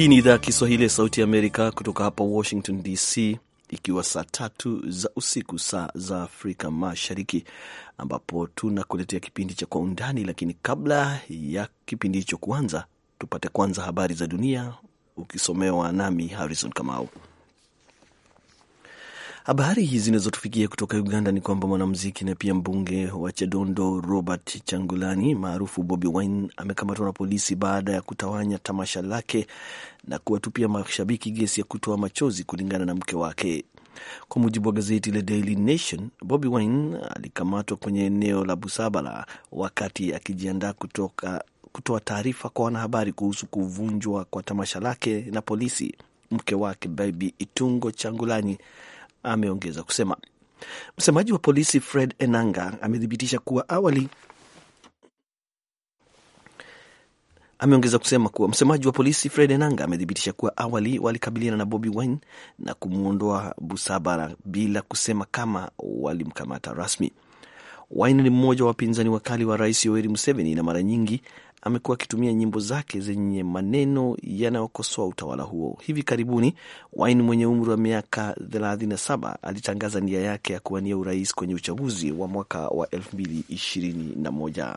Hii ni idhaa ya Kiswahili ya Sauti ya Amerika kutoka hapa Washington DC, ikiwa saa tatu za usiku saa za Afrika Mashariki, ambapo tunakuletea kipindi cha Kwa Undani. Lakini kabla ya kipindi hicho kuanza, tupate kwanza habari za dunia ukisomewa nami Harrison Kamau. Habari hii zinazotufikia kutoka Uganda ni kwamba mwanamuziki na pia mbunge wa Chadondo Robert Changulani maarufu Bobi Wine amekamatwa na polisi baada ya kutawanya tamasha lake na kuwatupia mashabiki gesi ya kutoa machozi, kulingana na mke wake. Kwa mujibu wa gazeti la Daily Nation, Bobi Wine alikamatwa kwenye eneo la Busabala wakati akijiandaa kutoka kutoa taarifa kwa wanahabari kuhusu kuvunjwa kwa tamasha lake na polisi. Mke wake Baby Itungo Changulani ameongeza kusema. Msemaji wa polisi Fred Enanga amethibitisha kuwa awali ameongeza kusema kuwa msemaji wa polisi Fred Enanga amethibitisha kuwa awali walikabiliana na Bobi Wine na kumwondoa Busabara bila kusema kama walimkamata rasmi. Wine ni mmoja wa wapinzani wakali wa rais Yoweri Museveni na mara nyingi amekuwa akitumia nyimbo zake zenye maneno yanayokosoa utawala huo. Hivi karibuni Wine mwenye umri wa miaka 37 alitangaza nia yake ya kuwania urais kwenye uchaguzi wa mwaka wa 2021.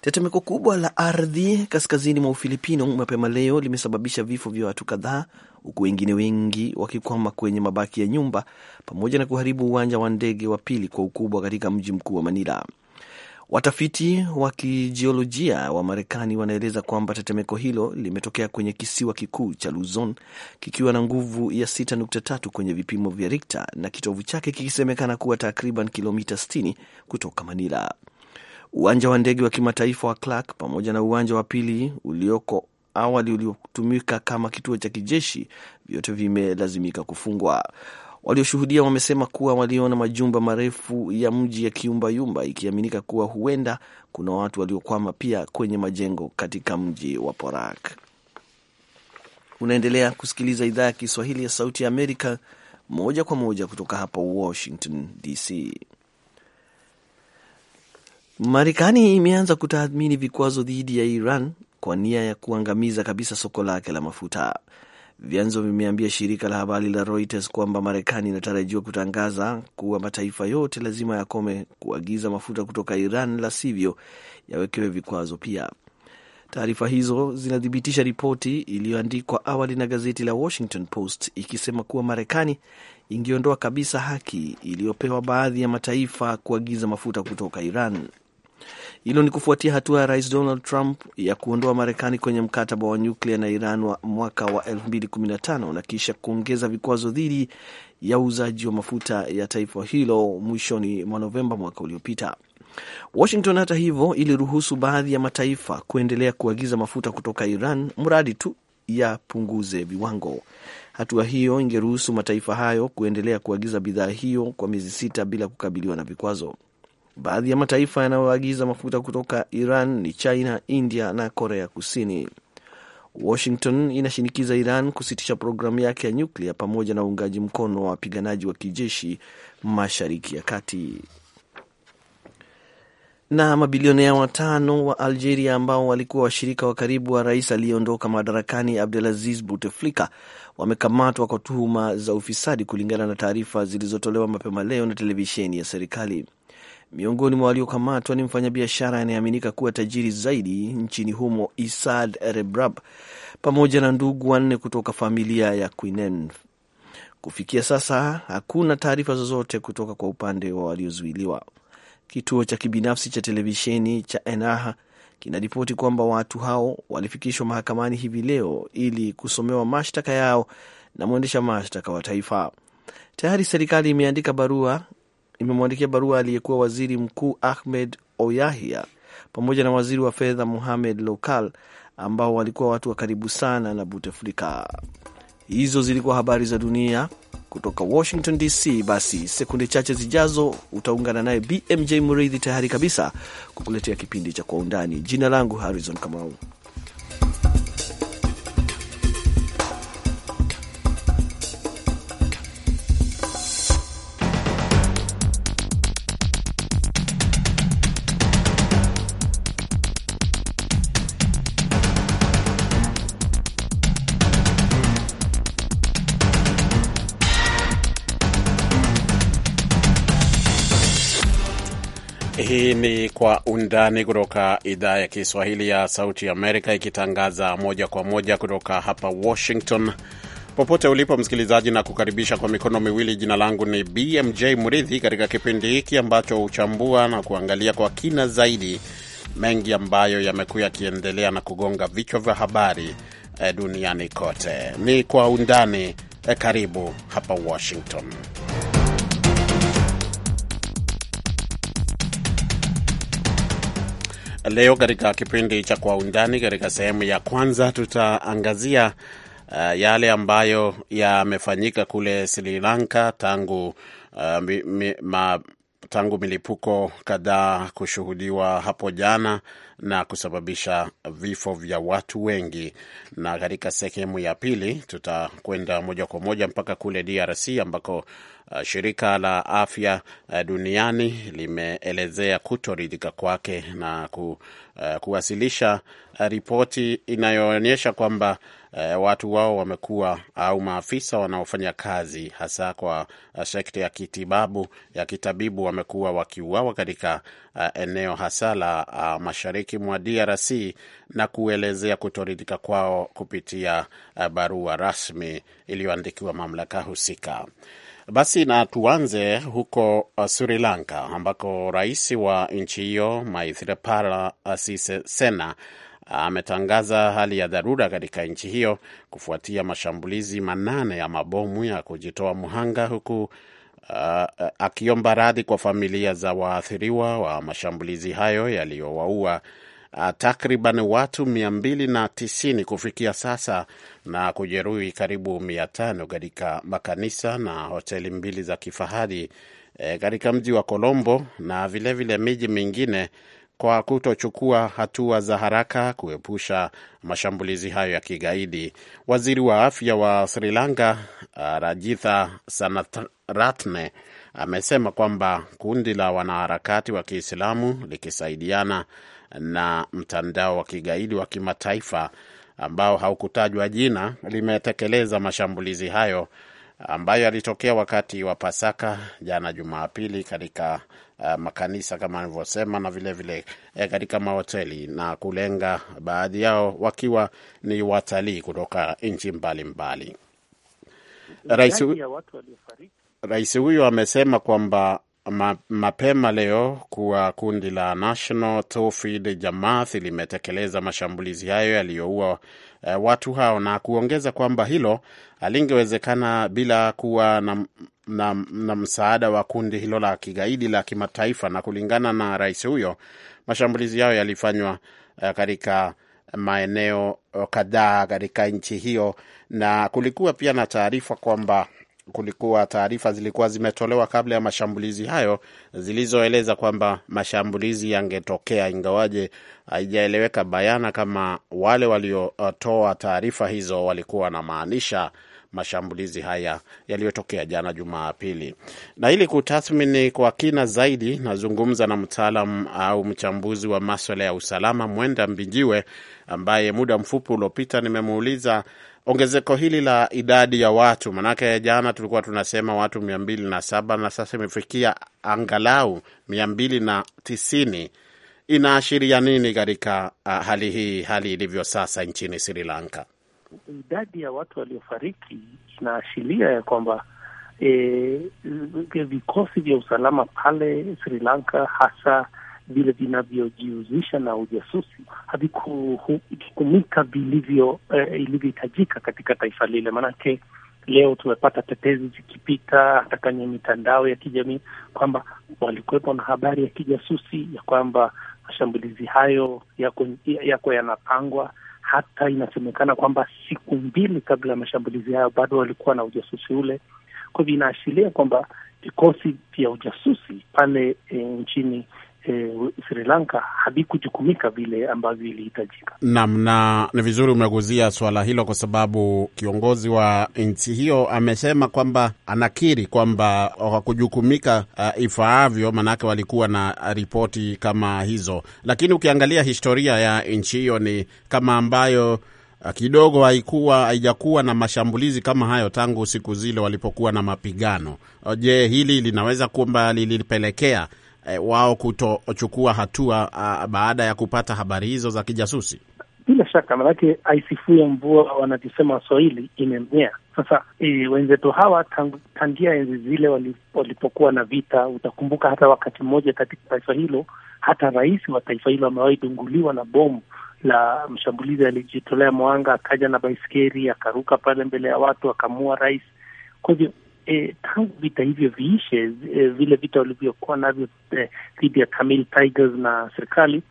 Tetemeko kubwa la ardhi kaskazini mwa Ufilipino mapema leo limesababisha vifo vya watu kadhaa, huku wengine wengi wakikwama kwenye mabaki ya nyumba pamoja na kuharibu uwanja wa ndege wa pili kwa ukubwa katika mji mkuu wa Manila. Watafiti wa kijiolojia wa Marekani wanaeleza kwamba tetemeko hilo limetokea kwenye kisiwa kikuu cha Luzon kikiwa na nguvu ya 6.3 kwenye vipimo vya Richter na kitovu chake kikisemekana kuwa takriban kilomita 60 kutoka Manila. Uwanja wa ndege wa kimataifa wa Clark pamoja na uwanja wa pili ulioko awali uliotumika kama kituo cha kijeshi vyote vimelazimika kufungwa. Walioshuhudia wamesema kuwa waliona majumba marefu ya mji ya kiumbayumba, ikiaminika kuwa huenda kuna watu waliokwama pia kwenye majengo katika mji wa Porak. Unaendelea kusikiliza idhaa ya Kiswahili ya Sauti ya Amerika moja kwa moja kutoka hapa Washington DC. Marekani imeanza kutathmini vikwazo dhidi ya Iran kwa nia ya kuangamiza kabisa soko lake la mafuta. Vyanzo vimeambia shirika la habari la Reuters kwamba Marekani inatarajiwa kutangaza kuwa mataifa yote lazima yakome kuagiza mafuta kutoka Iran, la sivyo yawekewe vikwazo pia. Taarifa hizo zinathibitisha ripoti iliyoandikwa awali na gazeti la Washington Post ikisema kuwa Marekani ingeondoa kabisa haki iliyopewa baadhi ya mataifa kuagiza mafuta kutoka Iran. Hilo ni kufuatia hatua ya rais Donald Trump ya kuondoa Marekani kwenye mkataba wa nyuklia na Iran wa mwaka wa 2015 na kisha kuongeza vikwazo dhidi ya uuzaji wa mafuta ya taifa hilo mwishoni mwa Novemba mwaka uliopita. Washington hata hivyo iliruhusu baadhi ya mataifa kuendelea kuagiza mafuta kutoka Iran mradi tu yapunguze viwango. Hatua hiyo ingeruhusu mataifa hayo kuendelea kuagiza bidhaa hiyo kwa miezi sita bila kukabiliwa na vikwazo. Baadhi ya mataifa yanayoagiza mafuta kutoka Iran ni China, India na Korea Kusini. Washington inashinikiza Iran kusitisha programu yake ya nyuklia pamoja na uungaji mkono wa wapiganaji wa kijeshi mashariki ya kati. Na mabilionea watano wa Algeria ambao walikuwa washirika wa karibu wa rais aliyeondoka madarakani Abdelaziz Bouteflika wamekamatwa kwa tuhuma za ufisadi, kulingana na taarifa zilizotolewa mapema leo na televisheni ya serikali. Miongoni mwa waliokamatwa ni mfanyabiashara anayeaminika kuwa tajiri zaidi nchini humo Isad Rebrab pamoja na ndugu wanne kutoka familia ya Quinen. Kufikia sasa hakuna taarifa zozote kutoka kwa upande wa waliozuiliwa. Kituo cha kibinafsi cha televisheni cha Enaha kinaripoti kwamba watu hao walifikishwa mahakamani hivi leo ili kusomewa mashtaka yao na mwendesha mashtaka wa taifa. Tayari serikali imeandika barua imemwandikia barua aliyekuwa waziri mkuu Ahmed Oyahia pamoja na waziri wa fedha Mohamed Lokal ambao walikuwa watu wa karibu sana na Buteflika. Hizo zilikuwa habari za dunia kutoka Washington DC. Basi sekunde chache zijazo utaungana naye BMJ Mureithi, tayari kabisa kukuletea kipindi cha Kwa Undani. Jina langu Harrison Kamau. undani kutoka idhaa ya Kiswahili ya Sauti ya Amerika, ikitangaza moja kwa moja kutoka hapa Washington. Popote ulipo msikilizaji, na kukaribisha kwa mikono miwili. Jina langu ni BMJ mridhi katika kipindi hiki ambacho huchambua na kuangalia kwa kina zaidi mengi ambayo yamekuwa yakiendelea na kugonga vichwa vya habari eh, duniani kote. Ni kwa undani. Eh, karibu hapa Washington. Leo katika kipindi cha Kwa Undani, katika sehemu ya kwanza tutaangazia uh, yale ambayo yamefanyika kule Sri Lanka tangu uh, mi, mi, ma, tangu milipuko kadhaa kushuhudiwa hapo jana na kusababisha vifo vya watu wengi. Na katika sehemu ya pili tutakwenda moja kwa moja mpaka kule DRC ambako uh, shirika la afya uh, duniani limeelezea kutoridhika kwake na ku, uh, kuwasilisha uh, ripoti inayoonyesha kwamba eh, watu wao wamekuwa au maafisa wanaofanya kazi hasa kwa uh, sekta ya kitibabu ya kitabibu wamekuwa wakiuawa katika uh, eneo hasa la uh, mashariki mwa DRC na kuelezea kutoridhika kwao kupitia uh, barua rasmi iliyoandikiwa mamlaka husika. Basi na tuanze huko uh, Sri Lanka ambako rais wa nchi hiyo Maithripala Sisena ametangaza hali ya dharura katika nchi hiyo kufuatia mashambulizi manane ya mabomu ya kujitoa mhanga huku uh, uh, akiomba radhi kwa familia za waathiriwa wa mashambulizi hayo yaliyowaua uh, takriban watu 290 kufikia sasa na kujeruhi karibu 500 katika makanisa na hoteli mbili za kifahari eh, katika mji wa Colombo na vilevile vile miji mingine kwa kutochukua hatua za haraka kuepusha mashambulizi hayo ya kigaidi. Waziri wa afya wa Sri Lanka uh, Rajitha Sanaratne amesema kwamba kundi la wanaharakati wa Kiislamu likisaidiana na mtandao wa kigaidi wa kimataifa ambao haukutajwa jina limetekeleza mashambulizi hayo ambayo yalitokea wakati wa Pasaka jana Jumapili katika Uh, makanisa kama anavyosema, na vilevile vile, eh, katika mahoteli na kulenga baadhi yao wakiwa ni watalii kutoka nchi mbalimbali. Rais huyo amesema kwamba ma, mapema leo kuwa kundi la National Tawhid Jamaat limetekeleza mashambulizi hayo yaliyoua Eh, watu hao na kuongeza kwamba hilo alingewezekana bila kuwa na, na, na msaada wa kundi hilo la kigaidi la kimataifa. Na kulingana na rais huyo, mashambulizi yao yalifanywa eh, katika maeneo kadhaa katika nchi hiyo, na kulikuwa pia na taarifa kwamba kulikuwa taarifa zilikuwa zimetolewa kabla ya mashambulizi hayo zilizoeleza kwamba mashambulizi yangetokea, ingawaje haijaeleweka bayana kama wale waliotoa taarifa hizo walikuwa wanamaanisha mashambulizi haya yaliyotokea jana Jumapili. Na ili kutathmini kwa kina zaidi, nazungumza na mtaalam au mchambuzi wa maswala ya usalama Mwenda Mbijiwe, ambaye muda mfupi uliopita nimemuuliza ongezeko hili la idadi ya watu, manake jana tulikuwa tunasema watu mia mbili na saba na sasa imefikia angalau mia mbili na tisini inaashiria nini katika uh, hali hii, hali ilivyo sasa nchini Sri Lanka? Idadi ya watu waliofariki inaashiria ya kwamba e, vikosi vya usalama pale Sri Lanka hasa vile vinavyojihusisha na ujasusi havikutumika vilivyo eh, ilivyohitajika katika taifa lile. Maanake leo tumepata tetezi zikipita hata kwenye mitandao ya kijamii kwamba walikuwepo na habari ya kijasusi ya kwamba mashambulizi hayo yako yako yanapangwa. Hata inasemekana kwamba siku mbili kabla ya mashambulizi hayo bado walikuwa na ujasusi ule. Kwa hivyo inaashiria kwamba vikosi vya ujasusi pale e, nchini eh, Sri Lanka havikujukumika vile ambavyo ilihitajika. Naam, na ni vizuri umeguzia swala hilo kwa sababu kiongozi wa nchi hiyo amesema kwamba anakiri kwamba hawakujukumika uh, ifaavyo, maanake walikuwa na ripoti kama hizo, lakini ukiangalia historia ya nchi hiyo ni kama ambayo uh, kidogo haikuwa haijakuwa na mashambulizi kama hayo tangu siku zile walipokuwa na mapigano. Uh, je, hili linaweza kwamba lilipelekea eh, wao kutochukua hatua a, ah, baada ya kupata habari hizo za kijasusi? Bila shaka, manake aisifue mvua wanavyosema Waswahili, imemea. Sasa e, wenzetu hawa tang, tangia enzi zile walipokuwa na vita, utakumbuka hata wakati mmoja katika taifa hilo, hata rais wa taifa hilo amewahi dunguliwa na bomu la mshambulizi alijitolea mwanga, akaja na baiskeri akaruka pale mbele ya watu akamua rais. Kwa hivyo eh, tangu vita hivyo viishe, eh, vile vita walivyokuwa navyo eh, dhidi eh, ya Tamil Tigers na serikali,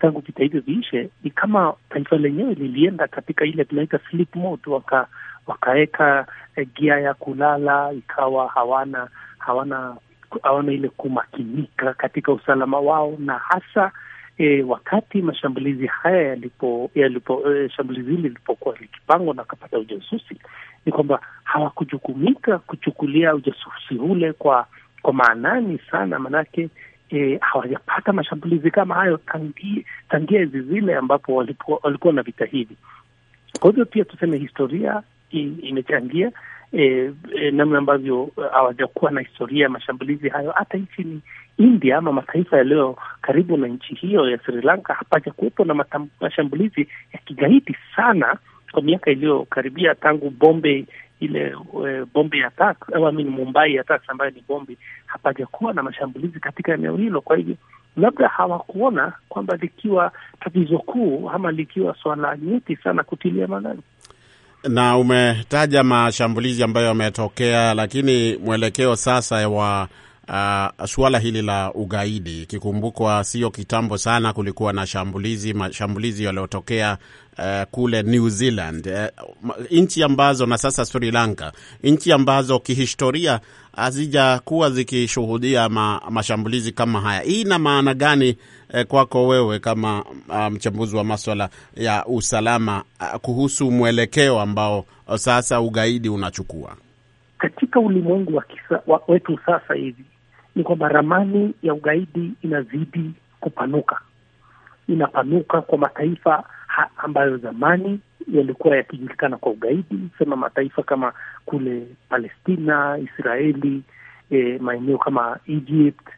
tangu vita hivyo viishe, ni kama taifa lenyewe lilienda katika ile tunaita sleep mode, waka wakaweka eh, gia ya kulala, ikawa hawana hawana hawana ile kumakinika katika usalama wao na hasa E, wakati mashambulizi haya yalipo, yalipo e, shambulizi hili lilipokuwa likipangwa na akapata ujasusi, ni kwamba hawakujukumika kuchukulia ujasusi ule kwa kwa maanani sana, manake e, hawajapata mashambulizi kama hayo tangia, hizi zile ambapo walikuwa na vita hivi. Kwa hivyo pia tuseme historia imechangia e, e, namna ambavyo uh, hawajakuwa na historia ya mashambulizi hayo hata nchini India ama mataifa yaliyo karibu na nchi hiyo ya Sri Lanka. Hapaja kuwepo na mashambulizi ya kigaidi sana kwa miaka iliyokaribia tangu bombe ile e, bombe attack au amini Mumbai ya attack ambayo ni bombe, hapajakuwa na mashambulizi katika eneo hilo. Kwa hivyo labda hawakuona kwamba likiwa tatizo kuu ama likiwa swala nyeti sana kutilia maanani na umetaja mashambulizi ambayo yametokea, lakini mwelekeo sasa wa uh, suala hili la ugaidi. Ikikumbukwa sio kitambo sana kulikuwa na shambulizi mashambulizi yaliyotokea uh, kule New Zealand, uh, nchi ambazo na sasa Sri Lanka, nchi ambazo kihistoria hazijakuwa zikishuhudia ma, mashambulizi kama haya. Hii ina maana gani eh, kwako wewe kama uh, mchambuzi wa maswala ya usalama uh, kuhusu mwelekeo ambao uh, sasa ugaidi unachukua katika ulimwengu wa kisa, wa, wetu sasa hivi ni kwamba ramani ya ugaidi inazidi kupanuka, inapanuka kwa mataifa ha ambayo zamani yalikuwa yakijulikana kwa ugaidi, sema mataifa kama kule Palestina, Israeli, e, maeneo kama Egypt,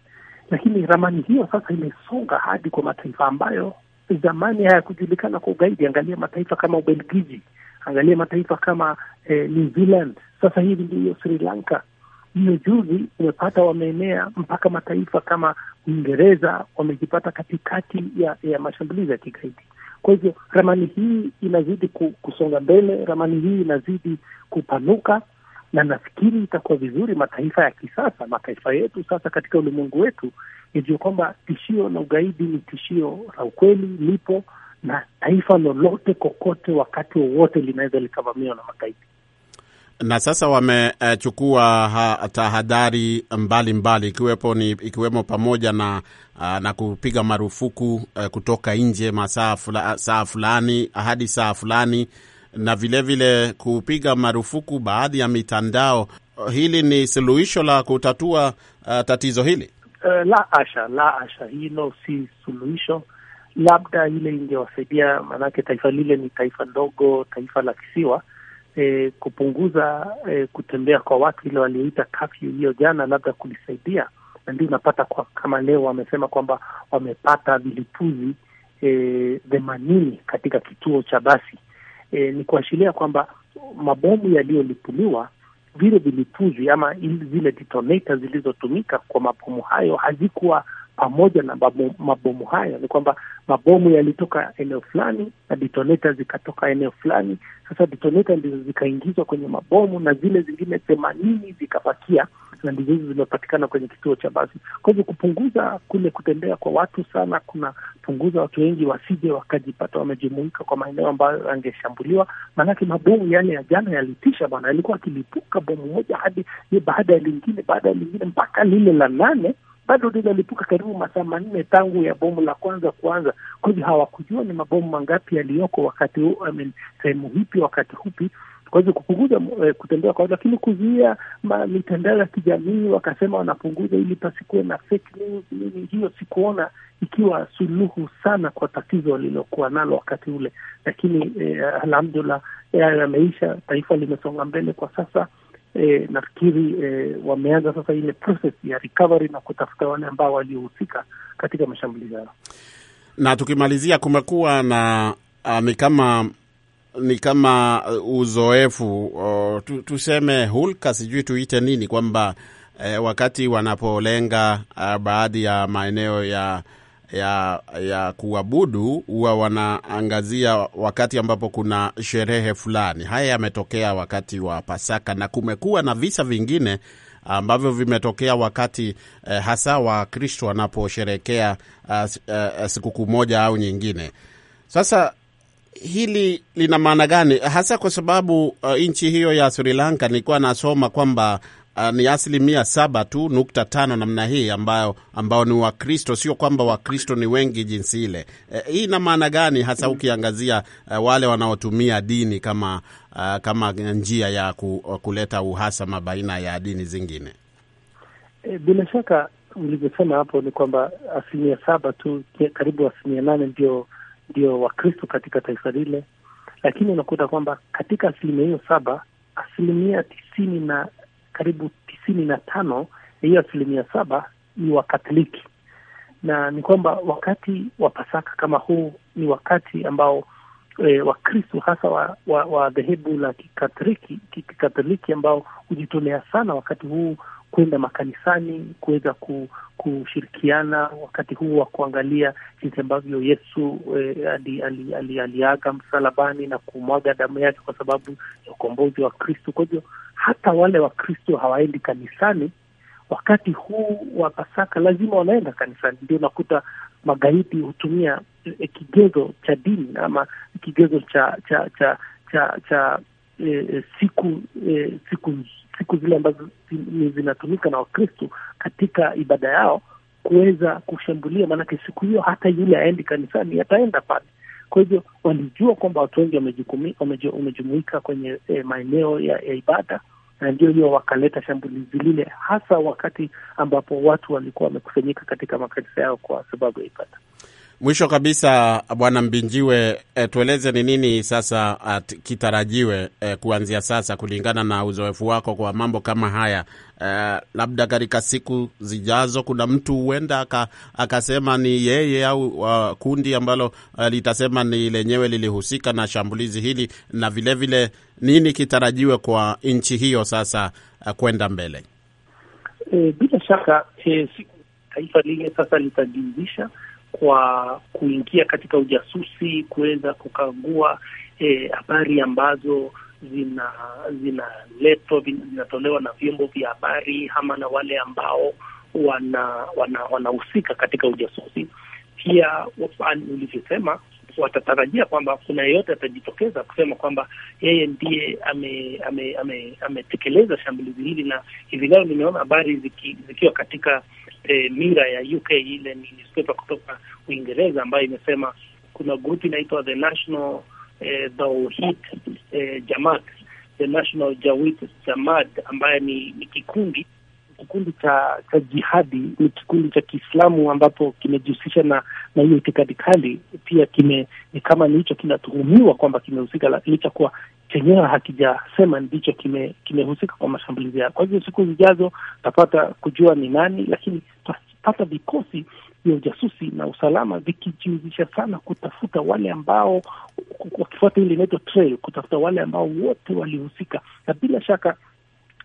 lakini ramani hiyo sasa imesonga hadi kwa mataifa ambayo zamani hayakujulikana kwa ugaidi. Angalia mataifa kama Ubelgiji, angalia mataifa kama e, New Zealand, sasa hivi ndiyo Sri Lanka hiyo juzi umepata wameenea mpaka mataifa kama Uingereza wamejipata katikati ya, ya mashambulizi ya kigaidi. Kwa hivyo ramani hii inazidi kusonga mbele, ramani hii inazidi kupanuka, na nafikiri itakuwa vizuri mataifa ya kisasa, mataifa yetu sasa katika ulimwengu wetu, yajua kwamba tishio la ugaidi ni tishio la ukweli, lipo na taifa lolote kokote, wakati wowote linaweza likavamiwa na magaidi na sasa wamechukua uh, tahadhari mbalimbali ikiwepo ni ikiwemo pamoja na uh, na kupiga marufuku uh, kutoka nje masaa fula, saa fulani hadi saa fulani na vilevile vile kupiga marufuku baadhi ya mitandao. Hili ni suluhisho la kutatua uh, tatizo hili? Uh, la asha, la asha, hilo si suluhisho. Labda ile ingewasaidia, maanake taifa lile ni taifa ndogo, taifa la kisiwa e, kupunguza e, kutembea kwa watu ile walioita kafyu hiyo jana, labda kulisaidia, na ndio unapata kwa, kama leo wamesema kwamba wamepata vilipuzi eh, themanini e, katika kituo cha basi e, ni kuashiria kwamba mabomu yaliyolipuliwa vile vilipuzi ama zile detonators zilizotumika kwa mabomu hayo hazikuwa pamoja na mabomu, mabomu haya ni kwamba mabomu yalitoka eneo fulani na ditoneta zikatoka eneo fulani. Sasa ditoneta ndizo zikaingizwa kwenye mabomu na zile zingine themanini zikabakia na ndizo hizo zimepatikana kwenye kituo cha basi. Kwa hivyo kupunguza kule kutembea kwa watu sana kunapunguza watu wengi wasije wakajipata wamejumuika kwa maeneo ambayo yangeshambuliwa, maanake mabomu yale ya jana yalitisha bwana, yalikuwa akilipuka bomu moja hadi baada ya lingine baada ya lingine mpaka lile la nane bado linalipuka karibu masaa manne tangu ya bomu la kwanza kuanza. Kwa hivyo hawakujua ni mabomu mangapi yaliyoko wakati I mean, sehemu hipi wakati hupi eh, kwa hivyo kupunguza e, kutembea kwao, lakini kuzuia mitandao ya kijamii wakasema wanapunguza ili pasikuwe na fake news nini. Hiyo sikuona ikiwa suluhu sana kwa tatizo walilokuwa nalo wakati ule, lakini e, alhamdulillah yayo eh, yameisha, taifa limesonga mbele kwa sasa e, nafikiri e, wameanza sasa ile process ya recovery na kutafuta wale ambao waliohusika katika mashambulizi hayo. Na tukimalizia, kumekuwa na a, ni kama ni kama uzoefu o, tu, tuseme hulka, sijui tuite nini, kwamba e, wakati wanapolenga baadhi ya maeneo ya ya, ya kuabudu huwa wanaangazia wakati ambapo kuna sherehe fulani. Haya yametokea wakati wa Pasaka na kumekuwa na visa vingine ambavyo vimetokea wakati eh, hasa Wakristo wanaposherekea uh, uh, sikukuu moja au nyingine. Sasa hili lina maana gani hasa? Kwa sababu uh, nchi hiyo ya Sri Lanka nilikuwa nasoma kwamba uh, ni asilimia saba tu nukta tano namna hii ambao, ambao ni Wakristo. Sio kwamba Wakristo ni wengi jinsi ile. Uh, hii ina maana gani hasa ukiangazia uh, wale wanaotumia dini kama, uh, kama njia ya ku, kuleta uhasama baina ya dini zingine? E, bila shaka ulivyosema hapo ni kwamba asilimia saba tu, karibu asilimia nane ndio ndio Wakristo katika taifa lile, lakini unakuta kwamba katika asilimia hiyo saba asilimia tisini na karibu tisini na tano ya hiyo asilimia saba ni Wakatoliki, na ni kwamba wakati wa Pasaka kama huu ni wakati ambao e, eh, Wakristu hasa wa, wa, wa dhehebu la Kikatoliki, Kikatoliki ambao hujitolea sana wakati huu kwenda makanisani kuweza kushirikiana wakati huu wa kuangalia jinsi ambavyo Yesu e, eh, aliaga ali, ali, ali msalabani na kumwaga damu yake kwa sababu ya ukombozi wa Kristu. Kwa hivyo hata wale Wakristo hawaendi kanisani wakati huu wa Pasaka lazima wanaenda kanisani. Ndio unakuta magaidi hutumia e, kigezo cha dini ama kigezo cha cha cha cha cha e, siku e, siku siku zile ambazo zinatumika na Wakristo katika ibada yao kuweza kushambulia, maanake siku hiyo hata yule aendi kanisani ataenda pale. Kwa hivyo walijua kwamba watu wengi wamejumuika kwenye e, maeneo ya, ya ibada na ndio hiyo wakaleta shambulizi lile, hasa wakati ambapo watu walikuwa wamekusanyika katika makanisa yao kwa sababu ya ibada. Mwisho kabisa, Bwana Mbinjiwe, e, tueleze ni nini sasa at, ah, kitarajiwe e, kuanzia sasa kulingana na uzoefu wako kwa mambo kama haya e, labda katika siku zijazo kuna mtu huenda akasema ni yeye au uh, kundi ambalo uh, litasema ni lenyewe lilihusika na shambulizi hili, na vilevile vile, nini kitarajiwe kwa nchi hiyo sasa uh, kwenda mbele? E, bila shaka e, siku taifa lile sasa litajiuzisha kwa kuingia katika ujasusi, kuweza kukagua e, habari e, ambazo zinaletwa zina zinatolewa na vyombo vya habari ama na wale ambao wanahusika wana, wana katika ujasusi. Pia ulivyosema, watatarajia kwamba kuna yeyote atajitokeza kusema kwamba yeye ndiye ametekeleza ame, ame, ame shambulizi hili, na hivi leo nimeona habari ziki, zikiwa katika e, eh, mira ya UK ile newspaper kutoka Uingereza ambayo imesema kuna grupu inaitwa the National eh, Tawhid eh, Jamaat, the National Jawit Jamaat ambayo ni, ni kikundi kikundi cha cha jihadi, ni kikundi cha Kiislamu ambapo kimejihusisha na na hiyo itikadi kali, pia kime ni kama ni hicho kinatuhumiwa kwamba kimehusika, licha kuwa chenyewe hakijasema ndicho kime kimehusika kwa mashambulizi yao. Kwa hivyo siku zijazo tutapata kujua ni nani, lakini tutapata vikosi vya ujasusi na usalama vikijihusisha sana kutafuta wale ambao, wakifuata ile inaitwa trail, kutafuta wale ambao wote walihusika, na bila shaka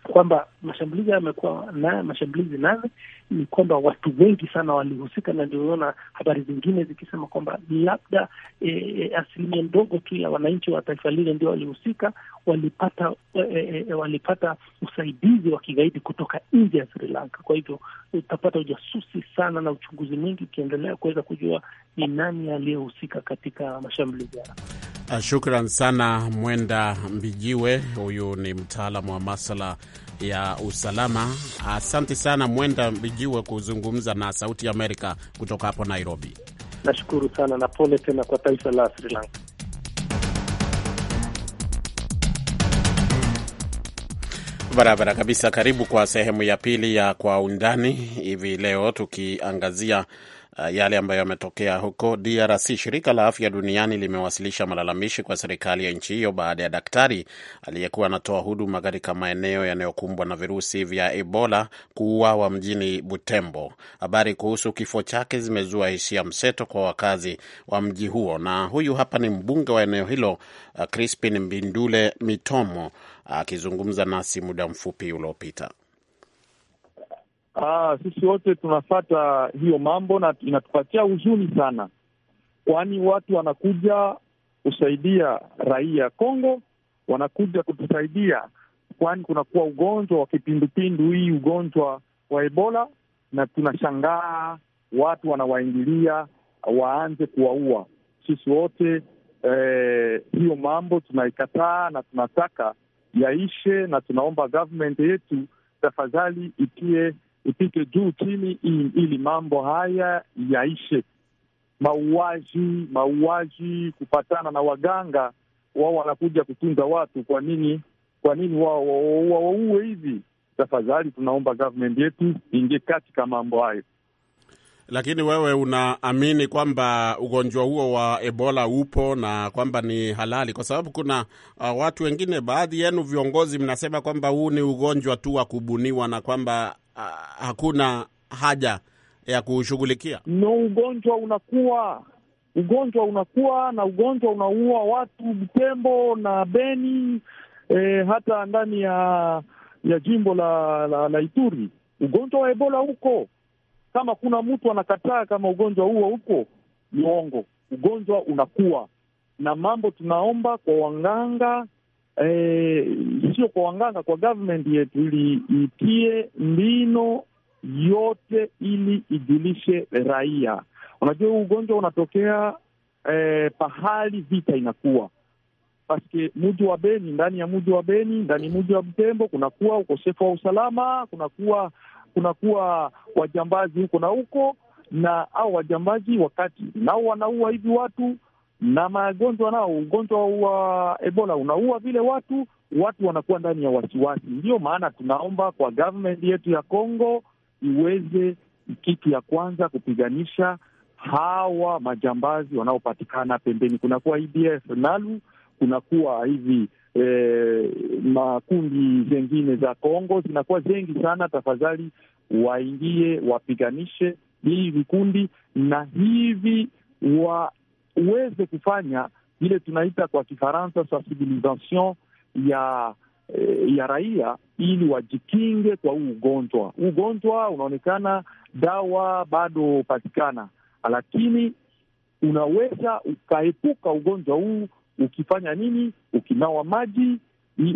kwamba mashambulizi yamekuwa na mashambulizi nane, ni kwamba watu wengi sana walihusika, na ndioona habari zingine zikisema kwamba labda e, e, asilimia ndogo tu ya wananchi wa taifa lile ndio walihusika, walipata e, e, walipata usaidizi wa kigaidi kutoka nje ya Sri Lanka. Kwa hivyo utapata ujasusi sana na uchunguzi mwingi ukiendelea kuweza kujua ni nani aliyehusika katika mashambulizi hayo. Ah, shukran sana Mwenda Mbijiwe, huyu ni mtaalamu wa masala ya usalama. Asante sana Mwenda Mbijiwe kuzungumza na Sauti ya Amerika kutoka hapo Nairobi. Nashukuru sana na pole tena kwa taifa la Sri Lanka. Barabara kabisa. Karibu kwa sehemu ya pili ya Kwa Undani hivi leo tukiangazia uh, yale ambayo yametokea huko DRC. Shirika la Afya Duniani limewasilisha malalamishi kwa serikali ya nchi hiyo baada ya daktari aliyekuwa anatoa huduma katika maeneo yanayokumbwa na virusi vya Ebola kuuawa mjini Butembo. Habari kuhusu kifo chake zimezua hisia mseto kwa wakazi wa mji huo, na huyu hapa ni mbunge wa eneo hilo uh, Crispin Mbindule Mitomo akizungumza uh, nasi muda mfupi uliopita. Aa, ah, sisi wote tunafata hiyo mambo na inatupatia huzuni sana, kwani watu wanakuja kusaidia raia ya Kongo, wanakuja kutusaidia, kwani kunakuwa ugonjwa wa kipindupindu, hii ugonjwa wa Ebola, na tunashangaa watu wanawaingilia waanze kuwaua sisi wote. Eh, hiyo mambo tunaikataa na tunataka yaishe, na tunaomba government yetu tafadhali itie ipite juu chini, ili mambo haya yaishe. Mauaji, mauaji, kupatana na waganga, wao wanakuja kutunza watu. Kwa nini? Kwa nini wao hivi? Tafadhali tunaomba government yetu ingie katika mambo hayo. Lakini wewe unaamini kwamba ugonjwa huo wa Ebola upo na kwamba ni halali? Kwa sababu kuna uh, watu wengine, baadhi yenu viongozi, mnasema kwamba huu ni ugonjwa tu wa kubuniwa na kwamba Ah, hakuna haja ya kushughulikia No, ugonjwa unakuwa ugonjwa unakuwa na ugonjwa unaua watu Butembo na Beni, e, hata ndani ya ya jimbo la, la, la Ituri ugonjwa wa Ebola huko. Kama kuna mtu anakataa kama ugonjwa huo huko, ni uongo. Ugonjwa unakuwa na mambo, tunaomba kwa wanganga eh, sio kwa wanganga, kwa government yetu, ili itie mbino yote ili ijulishe raia. Unajua huu ugonjwa unatokea eh, pahali vita inakuwa paske muji wa Beni, ndani ya muji wa Beni, ndani muji wa Butembo kunakuwa ukosefu wa usalama, kunakuwa kunakuwa wajambazi huko na huko, na au wajambazi wakati nao wanaua hivi watu na magonjwa nao, ugonjwa wa Ebola unaua vile watu, watu wanakuwa ndani ya wasiwasi. Ndiyo maana tunaomba kwa government yetu ya Congo iweze kitu ya kwanza kupiganisha hawa majambazi wanaopatikana pembeni. Kunakuwa ADF NALU, kunakuwa hivi eh, makundi zengine za Congo zinakuwa zengi sana. Tafadhali waingie wapiganishe hii vikundi na hivi wa uweze kufanya ile tunaita kwa Kifaransa sensibilisation ya eh, ya raia ili wajikinge kwa huu ugonjwa. Huu ugonjwa unaonekana dawa bado patikana, lakini unaweza ukaepuka ugonjwa huu ukifanya nini? Ukinawa maji,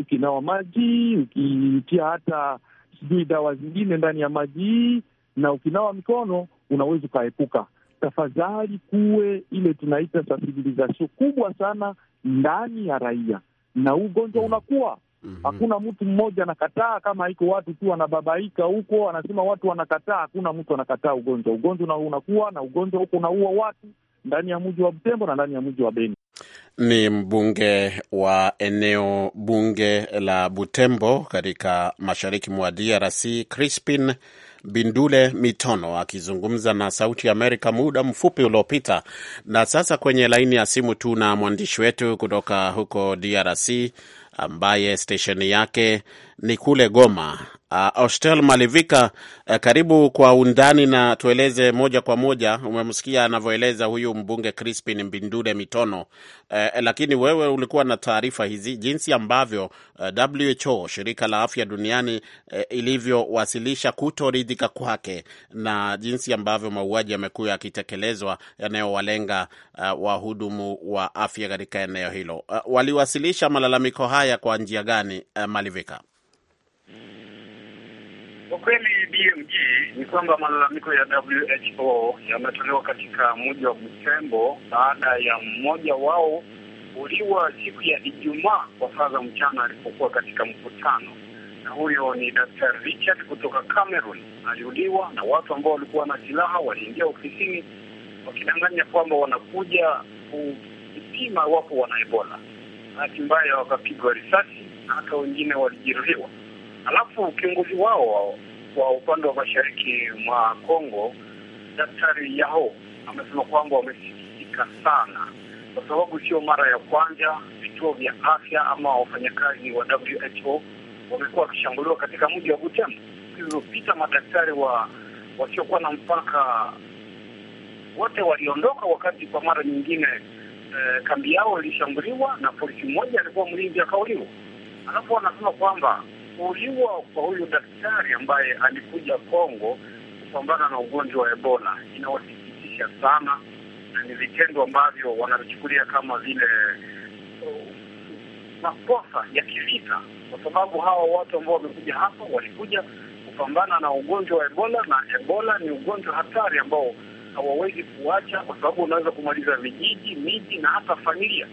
ukinawa maji, ukitia hata sijui dawa zingine ndani ya maji hii, na ukinawa mikono, unaweza ukaepuka tafadhali kuwe ile tunaita sasibilizasio kubwa sana ndani ya raia, na ugonjwa mm. unakuwa mm hakuna -hmm. Mtu mmoja anakataa, kama iko watu tu wanababaika huko, anasema watu wanakataa. Hakuna mtu anakataa ugonjwa, ugonjwa na unakuwa na ugonjwa huko unaua watu ndani ya mji wa Butembo na ndani ya mji wa Beni. Ni mbunge wa eneo bunge la Butembo katika mashariki mwa DRC Crispin Bindule Mitono akizungumza na Sauti Amerika muda mfupi uliopita. Na sasa kwenye laini ya simu tuna mwandishi wetu kutoka huko DRC ambaye stesheni yake ni kule Goma Uh, Austel Malivika uh, karibu kwa undani na tueleze moja kwa moja. Umemsikia anavyoeleza huyu mbunge Crispin Mbindude Mitono uh, lakini wewe ulikuwa na taarifa hizi jinsi ambavyo uh, WHO shirika la afya duniani uh, ilivyowasilisha kutoridhika kwake na jinsi ambavyo mauaji yamekuwa yakitekelezwa yanayowalenga uh, wahudumu wa afya katika eneo hilo uh, waliwasilisha malalamiko haya kwa njia gani uh, Malivika? Kwa kweli BMG ni kwamba malalamiko ya WHO yametolewa katika mji wa Butembo baada ya mmoja wao uliwa siku ya Ijumaa kwa saa za mchana alipokuwa katika mkutano, na huyo ni Dr. Richard kutoka Cameroon. Aliuliwa na watu ambao walikuwa na silaha, waliingia ofisini wakidanganya kwamba wanakuja kupima wapo wana Ebola. Bahati mbaya wakapigwa risasi na hata wengine walijeruhiwa. Alafu kiongozi wao wa upande wa mashariki mwa Kongo, Daktari Yaho amesema kwamba wamesikitika sana, kwa sababu sio mara ya kwanza vituo vya afya ama wafanyakazi wa WHO wamekuwa wakishambuliwa katika mji wa Butembo. Ilivyopita madaktari wa wasiokuwa na mpaka wote waliondoka, wakati kwa mara nyingine e, kambi yao ilishambuliwa na polisi mmoja alikuwa mlinzi akauliwa. Alafu wanasema kwamba kuuliwa kwa huyu daktari ambaye alikuja Kongo kupambana na ugonjwa wa Ebola inawasikitisha sana, na ni vitendo ambavyo wanavichukulia kama vile uh, makosa ya kivita, kwa sababu hawa watu ambao wamekuja hapa walikuja kupambana na ugonjwa wa Ebola, na Ebola ni ugonjwa hatari ambao hawawezi kuacha, kwa sababu unaweza kumaliza vijiji, miji na hata familia.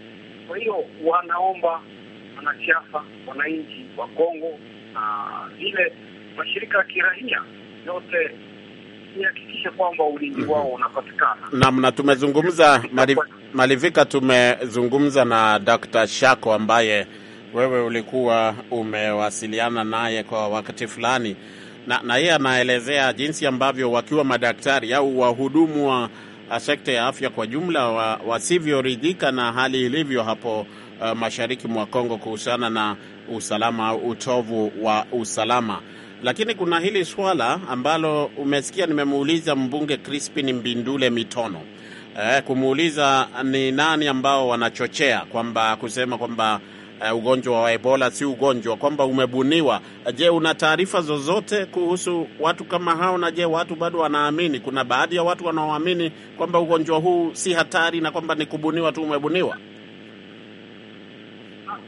Kwa hiyo wanaomba wanasiasa, wananchi wa Kongo na vile mashirika ya kiraia yote ihakikishe kwamba ulinzi wao mhm. unapatikana. Naam, na tumezungumza Malivika, tumezungumza na Dr. Shako ambaye wewe ulikuwa umewasiliana naye kwa wakati fulani, na yeye anaelezea jinsi ambavyo wakiwa madaktari au wahudumu wa sekta ya afya kwa jumla wasivyoridhika wa na hali ilivyo hapo uh, mashariki mwa Kongo kuhusiana na usalama au utovu wa usalama. Lakini kuna hili swala ambalo umesikia, nimemuuliza mbunge Crispin Mbindule Mitono eh, kumuuliza ni nani ambao wanachochea kwamba kusema kwamba eh, ugonjwa wa Ebola si ugonjwa kwamba umebuniwa. Je, una taarifa zozote kuhusu watu kama hao? Na je, watu bado wanaamini? Kuna baadhi ya watu wanaoamini kwamba ugonjwa huu si hatari na kwamba ni kubuniwa tu, umebuniwa.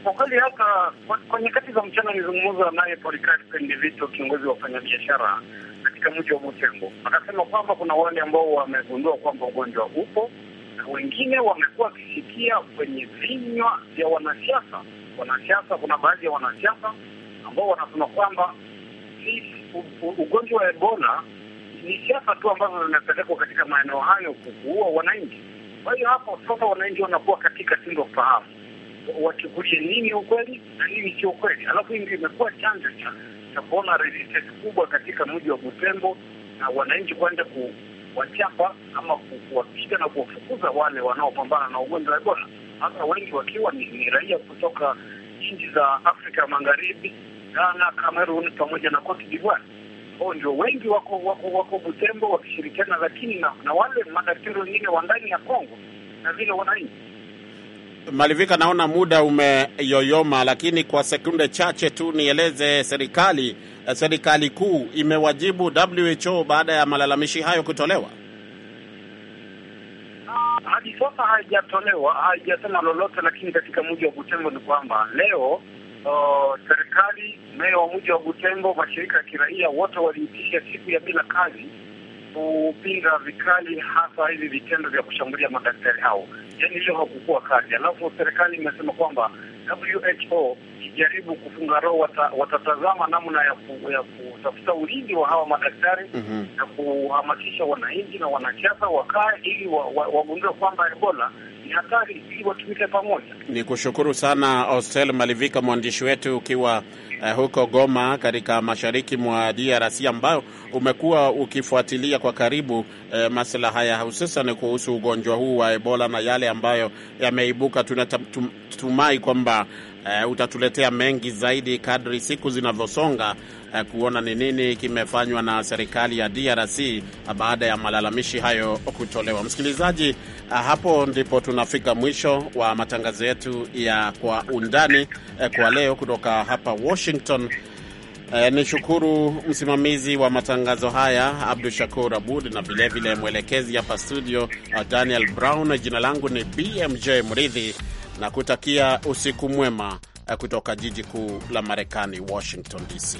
Kwa kweli hapa kwa nyakati za mchana nilizungumza naye Polycarp Ndivito, kiongozi wa wafanyabiashara katika mji wa Butembo, akasema kwamba kuna wale ambao wamegundua kwamba ugonjwa upo na wengine wamekuwa wakisikia kwenye vinywa vya wanasiasa. Wanasiasa, kuna baadhi ya wanasiasa ambao wanasema kwamba ugonjwa wa Ebola ni siasa tu ambazo zinapelekwa katika maeneo hayo kukuua wananchi. Kwa hiyo hapo sasa wananchi wanakuwa katika fahamu wachukulie nini ukweli na nini sio ukweli. Alafu hii ndio imekuwa chanzo cha kuona resistance kubwa katika mji wa Butembo na wananchi kuenda kuwachapa ama kuwapiga na kuwafukuza wale wanaopambana na ugonjwa wa Ebola, hasa wengi wakiwa ni, ni raia kutoka nchi za Afrika Magharibi, Ghana, Cameroon pamoja na Cote d'Ivoire. Hao ndio wengi wako wako wako Butembo wakishirikiana, lakini na, na wale madaktari wengine wa ndani ya Kongo na vile wananchi Malivika, naona muda umeyoyoma, lakini kwa sekunde chache tu nieleze serikali eh, serikali kuu imewajibu WHO baada ya malalamishi hayo kutolewa. Ah, hadi sasa haijatolewa, haijasema lolote, lakini katika mji wa Butembo ni kwamba leo uh, serikali, meya wa mji wa Butembo, mashirika ya kiraia wote waliitisha siku ya bila kazi kupinga vikali hasa hivi vitendo vya kushambulia madaktari hao yani hilo hakukuwa kazi. Alafu serikali imesema kwamba WHO ikijaribu kufunga roho wata, watatazama namna ya, ku, ya kutafuta ulinzi wa hawa madaktari mm -hmm. na kuhamasisha wananchi na wanasiasa wakae ili wagundue wa, wa kwamba Ebola ni hatari pamoja. Ni kushukuru sana Hostel Malivika, mwandishi wetu ukiwa uh, huko Goma katika mashariki mwa DRC, ambayo umekuwa ukifuatilia kwa karibu uh, masuala haya hususan kuhusu ugonjwa huu wa Ebola na yale ambayo yameibuka. Tunatumai kwamba Uh, utatuletea mengi zaidi kadri siku zinavyosonga, uh, kuona ni nini kimefanywa na serikali ya DRC eh, baada ya malalamishi hayo kutolewa. Msikilizaji, uh, hapo ndipo tunafika mwisho wa matangazo yetu ya kwa undani uh, kwa leo kutoka hapa Washington. Uh, ni shukuru msimamizi wa matangazo haya Abdu Shakur Abud na vilevile mwelekezi hapa studio Daniel Brown. Jina langu ni BMJ Mridhi na kutakia usiku mwema eh, kutoka jiji kuu la Marekani, Washington DC.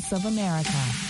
Voice of America.